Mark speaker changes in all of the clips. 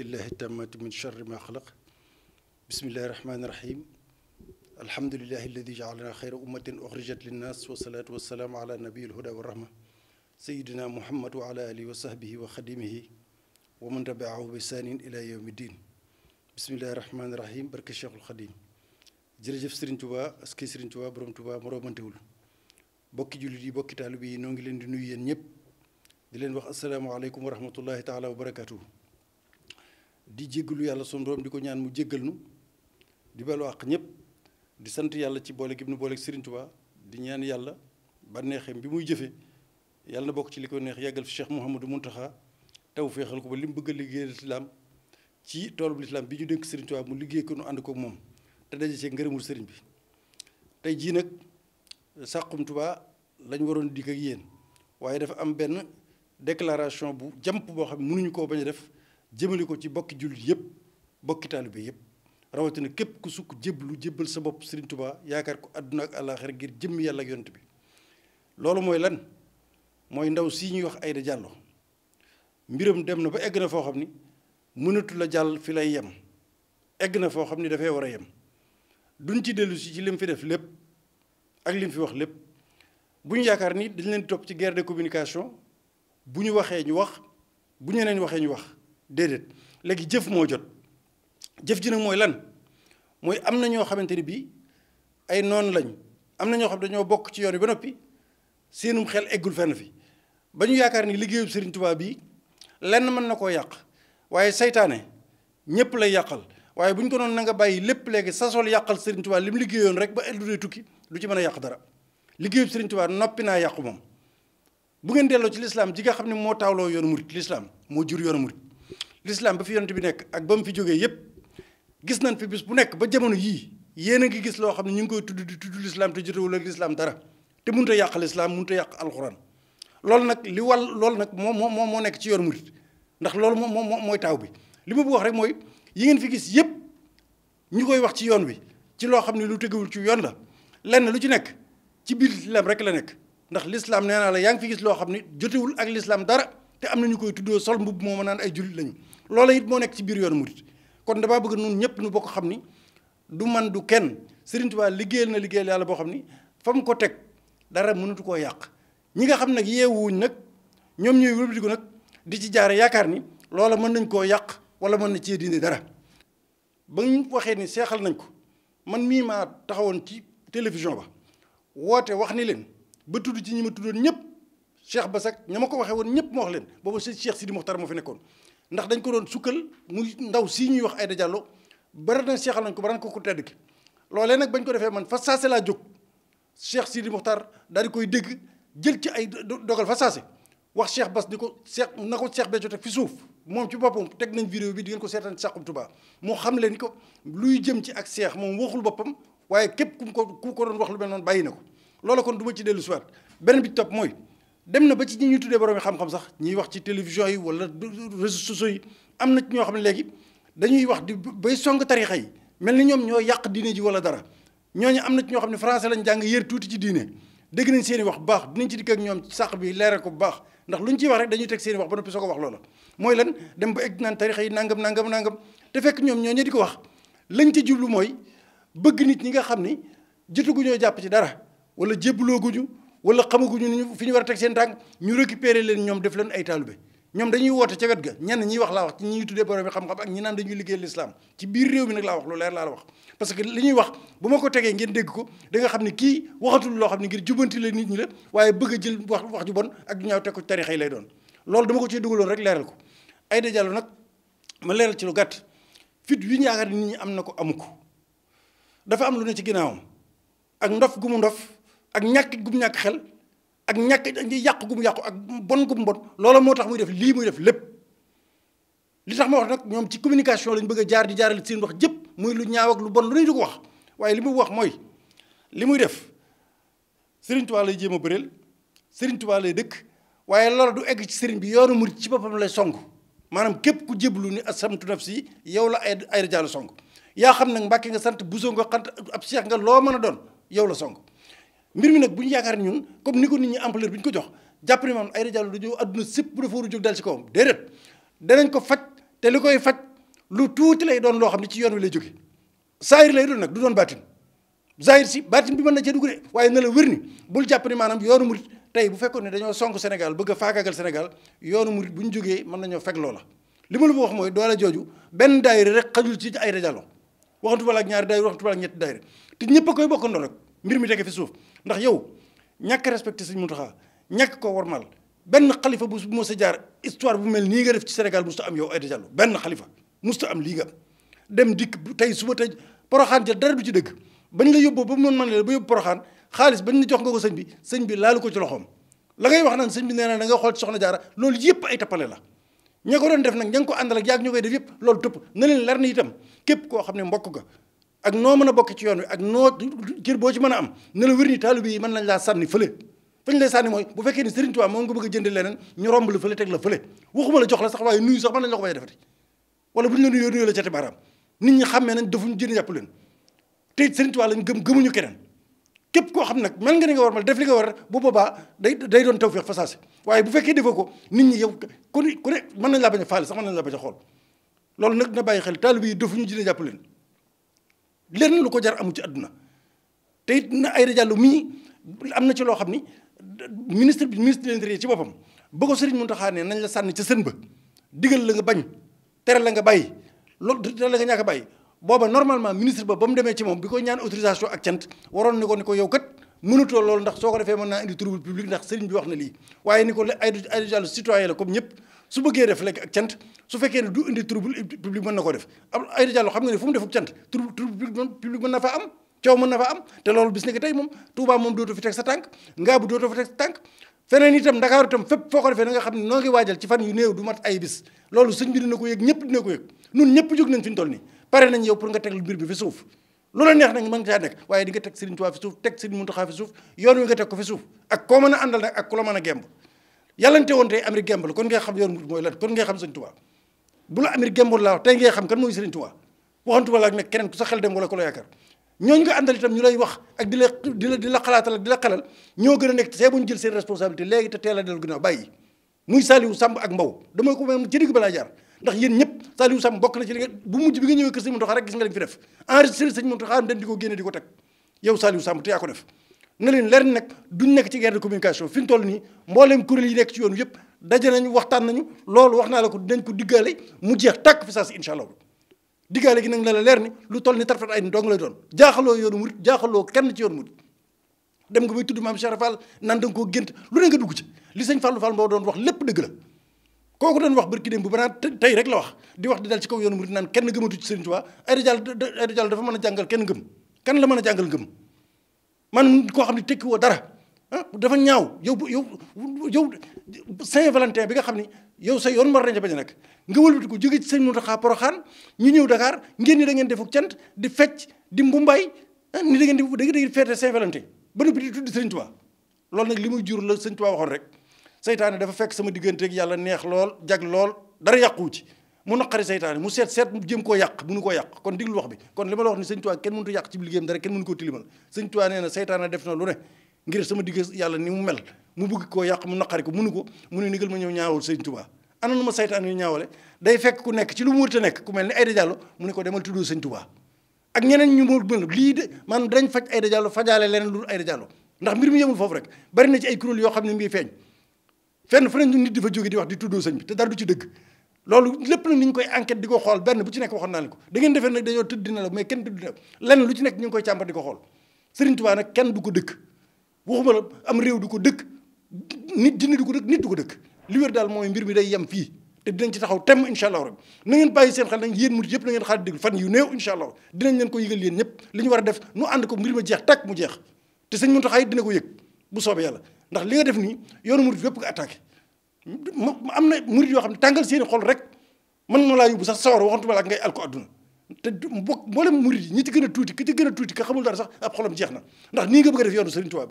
Speaker 1: kalimatillahi tammati min charri ma xalaq bismillahi rahmaani rahim alhamdulilahi alladi jaalana xayra ummatin uxrijat linnas wasalaatu wasalaamu ala nabiil huda wa rahma sayidina muhammad wa ala alihi wa sahbihi wa xadimihi wa man tabiahu bi saanin ila yawmi din bismillahi rahmaani rahim barke cheikhul xadim jërëjëf Serigne Touba aski Serigne Touba borom Touba moroomantewul bokki jullit yi bokki taalibe yi noo ngi leen di nuyu yéen ñëpp di leen wax asalaamaaleykum wa rahmatullahi taala wa barakatuhu di jéggalu yàlla sunu borom di ko ñaan mu jéggal nu di balu àq ñëpp di sant yàlla ci boole gi mu boole Serigne Touba di ñaan yàlla bànneexeem bi muy jëfe yàlla na bokk ci li ko neex yàggal fi Cheikh Mouhamadou Mountakha taw feexal ko ba li mu bëgg a liggéey lislaam ci toolub lislaam bi ñu dénk Serigne Touba mu liggéey ko nu ànd ko moom te daje ci ngërëmul Serigne bi tey jii nag Saxum Touba lañ waroon dikk ak yéen waaye dafa am benn déclaration bu jàmp boo xam mënuñu koo bañ a def jëmale ko ci bokki jullit yëpp bokki taalibe yëpp rawatina képp ku sukk lu jëbbal sa bopp Serigne Touba yaakaar ko àdduna ak àllaaxira ngir jëmm yàlla yont bi loolu mooy lan mooy ndaw si ñuy wax Aïda Diallo mbiram dem na ba egg na foo xam ni mënatu la jàll fi lay yem egg na foo xam ni dafay war a yem duñ ci dellu si ci lim fi def lépp ak lim fi wax lépp bu ñu yaakaar ni dañ leen topp ci guerre de communication bu ñu waxee ñu wax bu ñeneen waxee ñu wax déedéet léegi jëf moo jot jëf ji nag mooy lan mooy am na ñoo xamante ni bii ay noon lañ am na ñoo xam dañoo bokk ci yoon yi ba noppi seenum xel eggul fenn fi ba ñu yaakaar ni liggéeyub Serigne Touba bii lenn mën na koo yàq waaye saytaane ñëpp lay yàqal waaye bu ñu ko noonu na nga bàyyi lépp léegi sa sol yàqal Serigne Touba li mu liggéeyoon rek ba du dee tukki lu ci mën a yàq dara liggéeyub Serigne Touba noppi naa yàqu moom bu ngeen delloo ci lislaam ji nga xam ne moo taawloo yoonu murit lislaam moo jur yoonu murit lislaam ba fi yonent bi nekk ak ba mu fi jógee yépp gis nañ fi bis bu nekk ba jamono yii yéen a ngi gis loo xam ne ñu ngi koy tudd di tudd l'islam te jotewul ak l'islam dara te mënut yàq l'islam mënut yàq alxuraan loolu nag li loolu nag moo moo moo moo nekk ci yoonu murit ndax loolu moom moom mooy taaw li ma bëgg wax rek mooy yi ngeen fi gis yépp ñu koy wax ci yoon bi ci loo xam ne lu tegewul ci yoon la lenn lu ci nekk ci biir l'islam rek la nekk ndax l'islam nee naa la yaa ngi fi gis loo xam ne jotewul ak l'islam dara te am na ñu koy tuddoo sol mbubb moo ma naan ay jullit lañu loola it moo nekk ci biir yoonu murit kon dama bëgg nun ñëpp nu ko xam ni du man du kenn Sëriñ Tuubaa liggéeyal na liggéeyal yàlla boo xam ni fa mu ko teg dara mënatu koo yàq ñi nga xam nag yeewuñ nag ñoom ñooy ko nag di ci jaare yaakaar ni loola mën nañ koo yàq wala mën na cee dindi dara ba ñu waxee ni seexal nañ ko man mii maa taxawoon ci télévision ba woote wax ni leen ba tudd ci ñi ma tuddoon ñëpp Cheikh Basak ña ma ko waxee woon ñëpp ma wax leen boobu Cheikh Sidi Mokhtar moo fi nekkoon ndax dañ ko doon sukkal muy ndaw sii ñuy wax Aïda Diallo bari na seexal nañ ko baran ko ko tedd ki loolee nag bañ ko defee man fa saase laa jóg Cheikh di Mokhtar daal di koy dégg jël ci ay dogal fa saase wax Cheikh Bass ni ko Cheikh na ko Cheikh Béthio teg fi suuf moom ci boppam teg nañ vidéo bi di ngeen ko seetaan ci Saxum Touba moo xam leen ni ko luy jëm ci ak Cheikh moom waxul boppam waaye képp ku ko ku ko doon wax lu mel noonu bàyyi na ko loola kon du ma ci dellu siwaat beneen bi topp mooy dem na ba ci ñu ñuy tuddee borom xam-xam sax ñuy wax ci télévision yi wala réseaux sociaux yi am na ci ñoo xam ne léegi dañuy wax di bay song tarixa yi mel ni ñoom ñoo yàq diine ji wala dara ñoo ñooñu am na ci ñoo xam ne france lañ jàng yër tuuti ci diine dégg nañ seen i wax bu baax dinañ ci dikk ak ñoom sàq bi leeral ko bu baax ndax lu ñu ciy wax rek dañuy teg seen i wax ba noppi soo ko wax loola mooy lan dem ba egg naan tarixa yi nàngam nangam nangam fekk ñoom ñoo ñe di ko wax lañ ci jublu mooy bëgg nit ñi nga xam ni jotaguñoo jàpp ci dara wala jébbalooguñu wala xamaguñu ni ñu fi ñu war a teg seen tànk ñu récupérer leen ñoom def leen ay taalube ñoom dañuy woote ca wet ga ñenn ñiy wax laa wax ci ñi tuddee borom bi xam-xam ak ñi naan dañuy liggéey l'islam ci biir réew mi nag laa wax lu wax parce que li ñuy wax bu ma ko tegee ngeen dégg ko da nga xam ne kii waxatul loo xam ne ngir jubanti la nit ñi la waaye bëgg a jël wax wax ju bon ak ñaaw teg ko tarixa yi lay doon loolu dama ko ciy dugaloon rek leeral ko Aïda Diallo ma leeral ci lu gàtt fit wi ñu yaakaar nit ñi am na ko amu ko dafa am lu ne ci ginnaawam ak ndof gu mu ndof ak ñàkk gum ñàkk xel ak ñàkk yàqu gum yàqu ak bon gum bon loola moo tax muy def lii muy def lépp li tax ma wax nag ñoom ci communication lañ bëgg jaar di jaaral seen wax jëpp muy lu ñaaw ak lu bon lu nañu di ko wax waaye li muy wax mooy li muy def Serigne Touba jéem a bëreel Serigne Touba dëkk waaye loola du egg ci Serigne bi yoonu murid ci boppam lay song maanaam képp ku jéblu ni samtu asamtu si yow la ay ay rajaal song yaa xam nag Mbàkke nga sant Buso nga xant ab nga loo mën a doon yow la song mbir mi nag bu ñu yaakaar ñun comme ni ko nit ñi ampleur bi ñu ko jox jàpp ni maanaam Aida Diallo dañoo àdduna sëpp dafa war a jóg dal ci kawam déedéet danañ ko faj te li koy faj lu tuuti lay doon loo xam ne ci yoon wi lay jóge saahir lay doon nag du doon baatin saahir si baatin bi mën na cee dugg de waaye na la wér ni bul jàpp ni maanaam yoonu murit tey bu fekkoon ne dañoo sonk Sénégal bëgg a faagaagal Sénégal yoonu murit bu ñu jógee mën nañoo fekk loola li ma la wax mooy doole jooju benn daayira rek xajul ci Aida Diallo waxantu bala ak ñaari daayira waxantu bala ak te ñëpp koy bokkandoo nag mbir mi tege fi suuf ndax yow ñàkk respecté Sëriñ Muntaxa ñàkk ko mal benn xalifa bu moo sa jaar histoire bu mel nii nga def ci Sénégal musta am yow Aïda Diallo benn xalifa musta am lii nga dem dikk tey suba tey poroxaan ja dara du ci dëgg bañ la yóbboo ba mu mën la ba yóbbu poroxaan xaalis bañ la jox nga ko sañ bi sëñ bi laalu ko ci loxoom la ngay wax naan sëñ bi nee na da nga xool ci soxna jaara loolu yëpp ay tappale la ña ko doon def nag ña ko àndal ak yàgg ñu koy yëpp loolu tëpp na leer na itam képp koo xam ne mbokk ga ak noo mën a bokk ci yoon wi ak noo cër boo ci mën a am ne la wér ni taalibe yi mën nañ laa sànni fële fañ lay sànni mooy bu fekkee ni Serigne Touba moom nga bëgg a jënd leneen ñu romb la fële teg la fële waxuma la jox la sax waaye nuyu sax mën nañ la a defati wala buñ la nuyoo nuyoo la nañ defuñu jënd jàpp leen te Serigne Touba lañ gëm gëmuñu keneen képp koo xam nag mel nga ni nga war def li nga boobaa day day doon tawfeex waaye bu fekkee defoo ko nit ñi yow ku ne ku ne mën nañ laa bañ a faale sax mën nañ laa bañ a xool loolu nag na bàyyi xel taalibe yi ñu jënd jàpp leen lenn lu ko jar amu ci àdduna te it na Aïda Diallo mii am na ci loo xam ni ministre bi ministre de l'intérieur ci boppam ba ko Serigne Mountakha ne nañ la sànni ca sën ba digal la nga bañ tere la nga bàyyi loolu tere la nga ñàkk a bàyyi booba normalement ministre ba ba mu demee ci moom bi koy ñaan autorisation ak cant waroon ni ko ni ko yow kat mënutoo loolu ndax soo ko defee mën naa indi trouble public ndax Serigne bi wax na lii waaye ni ko Aïda Diallo citoyen su bëggee def lekk ak cant su fekkee ne du indi trouble public mën na ko def ab Aïda Diallo xam nga ne fu mu defuk cant trouble public mën na faa am am te loolu bis ni que moom Touba moom dootoo teg sa tànk Ngaabu dootoo fi teg sa tànk feneen itam Ndakaaru itam fépp ko defee na xam ne noo ngi waajal ci fan yu néew du mat ay bis loolu sëñ bi dina ko yëg ñëpp dina ko yëg nun ñëpp jóg nañ fi ñu toll nii pare nañ yow pour nga teg mbir bi fi suuf loola neex nag mën nga caa nekk waaye di nga teg Serigne Touba fi suuf teg Serigne Mountakha fi suuf yoon wi nga teg ko fi suuf ak koo mën a àndal nag ak ku la mën a gemb yàllante woon tey Amérique gemb la kon ngay xam yoon murid mooy lan kon ngay laa tey ngay xam kan mooy Sëriñ Tuubaa waxantuma la ak nag keneen ku sa xel dem wala ku la yaakaar di la di ñoo gën a nekk see buñ jël seen responsabilité léegi te teel a dellu ginnaaw bàyyi muy Saliou Samb ak Mbow damay ko moom ci digg balaa jaar ndax yéen ñëpp Saliou Samb bokk na ci li bu mujj bi nga ñëwee kër Sëriñ Mountakha rek gis nga lañ fi def enregistré Sëriñ Mountakha dañ di ko génne di ko teg yow Saliou Samb na leen leer nag duñ nekk ci guerre communication fi ñu toll nii mbooleem kuréel yi nekk ci yoon yëpp daje nañu waxtaan nañu loolu wax naa la ko dinañ ko diggaale mu jeex tàkk fi saa si incha allah diggaale gi nag na la leer ni lu toll ni tarfat ay ni dong lay doon jaaxaloo yoonu murit jaaxaloo kenn ci yoonu murit dem nga bay tudd maam Cheikh Fall nan da nga koo gént lu ne nga dugg ci li sëñ Fallou Fall moo doon wax lépp dëgg la kooku doon wax barki dem bu banaa tey rek la wax di wax di dal ci kaw yoonu kenn gëmatu ci Sëriñ Tuubaa ay rajo ay rajo kenn gëm kan mën a jàngal ngëm man koo xam ne tekki dara ah dafa ñaaw yow yow yow Saint-Valentin bi nga xam ne yow sa yoon mar nañ ca bañ a nekk nga wëlbati ko jóge ci sëñ Mountakha xaan ñu ñëw Dakar ngeen ni da ngeen defuk cant di fecc di mbumbaay ah, ni da ngeen di da ngeen di feete Saint-Valentin ba noppi di tudd sëñ Tuubaa loolu nag li muy jur la sëñ Tuubaa waxoon rek seytaane dafa fekk sama diggante ak yàlla neex lool jag lool dara yàquwu ci mu naqari seytaane mu seet seet jëm koo yàq mënu koo yàq kon diglu wax bi kon li ma la wax ni sëñ Tuubaa kenn mënutu yàq ci liggéeyam dara kenn mënu koo tilimal sëñ Tuubaa nee na seytaane def na lu ne ngir mu mel koo yàq mu naqari ko mënu ko mu ma ñëw ñaawal sëñ Tuubaa ana nu ma seytaan yu ñaawale day fekk ku nekk ci lu mu wërta nekk ku mel ni Aïda Diallo mu ne ko demal tuddoo sëñ Tuubaa ak ñeneen ñu mu mel lii de maanaam dañ faj Aïda Diallo fajaale leneen lu Aïda Diallo ndax mbir mi yemul foofu rek bari na ci ay kuréel yoo xam ne mbii feeñ fu ne nit di fa jóge di wax di tuddoo sëñ bi te dara du ci dëgg loolu lépp nag ni ñu koy enquête di ko xool benn bu ci nekk waxoon naa leen ko da ngeen defee nag dañoo tëdd dina la mais kenn tëdd dina lenn lu koy càmbar ko xool kenn du ko dëkk waxuma la am réew du ko dëkk nit dina du ko dëkk nit du dëkk li wér daal mooy mbir mi day yem fii te dinañ ci taxaw temm incha allah rabi na ngeen bàyyi seen xel nag yéen murit yëpp na ngeen xaar déglu fan yu néew incha allah dinañ leen ko yëgal yéen ñëpp li ñu war a def nu ànd ko mbir ma jeex tàkk mu jeex te sëñ Muntaxa dina ko yëg bu soobee yàlla ndax li def nii yoonu murit yëpp nga attaqué am na murid yoo xam ne tàngal seeni xol rek mën na laa yóbbu sax sawar waxantuma la ak ngay al adduna te mbokk mboolem murid yi ñi ci gën a tuuti ki gën tuuti ka xamul dara sax ab xolam jeex na ndax nii nga bëgg def yoonu Sëriñ bi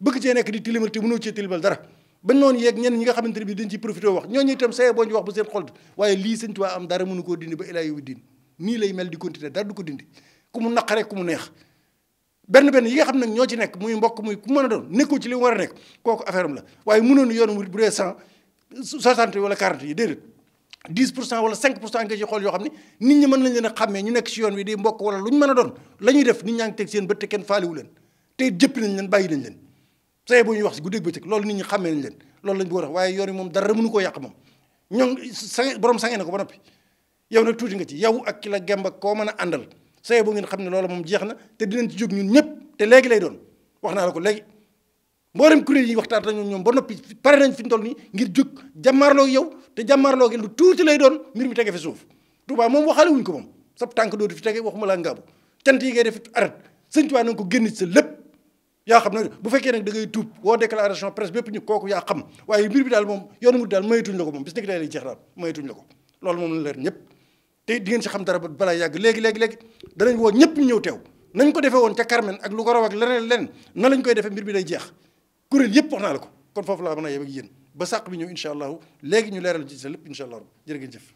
Speaker 1: bëgg cee nekk di tilimal te mënoo cee tilibal dara ba ne bi dañ ciy profité wax ñooñu itam saye boo ñu wax bu seen xol waaye lii Sëriñ Tuubaa am dara mënu koo dindi ba ilaa yow diin nii lay mel di continuer dara du ko dindi ku mu naqare ku mu neex benn benn yi nga xam ne ñoo ci nekk muy mbokk muy ku mën a doon nekkoo ci li mu war a la waaye mënoonu yoonu murid bu soixante wala quarante yi déedéet dix pour cent wala cinq pour cent nga ci xool yoo xam ne nit ñi mën nañ leen a xàmmee ñu nekk si yoon wi di mbokk wala lu ñu mën a doon la ñuy def nit ñaa ngi teg seen bët te kenn faaliwu leen te jëppi nañ leen bàyyi nañ leen saye bu ñuy wax si guddeeg bëccëg loolu nit ñi xàmmee nañ leen loolu lañ bëgg a wax waaye yoon yi moom dara mënu koo yàq moom ñoom sa borom na ko ba noppi yow nag tuuti nga ci yow ak ki gemb koo mën a àndal saye bu ngeen xam ne loolu moom jeex na te dinañ ci jóg ñun ñëpp te léegi lay doon wax naa la ko léegi mboolem kuréel yi waxtaan nañu ñoom ba noppi pare nañ fi ñu toll nii ngir jóg jàmmaarloo yow te jàmmaarloo gi lu tuuti lay doon mbir mi tege fi suuf Touba moom waxaale wuñ ko moom sa tànk dootu fi tege waxuma laa ngaabu cant yi ngay def arrêt sëñ Touba na ko génn sa lépp yaa xam na bu fekkee nag da ngay tuub woo déclaration presse bépp ñu kooku yaa xam waaye mbir bi daal moom yoonu mu daal mayatuñ la ko moom bis nag day lay jeex daal ko loolu moom la leer ñëpp di ngeen si xam dara balaa yàgg léegi léegi léegi danañ woo ñëpp ñëw teew nañ ko defee woon ca Carmen ak lu ko raw leneen leneen na lañ koy defee mbir bi day jeex kuréel yëpp wax naa la ko kon foofu laa mën a yem ak yéen ba sàq bi ñëw incha allahu léegi ñu leeral ci sa lépp incha allahu jërë ngeen jëf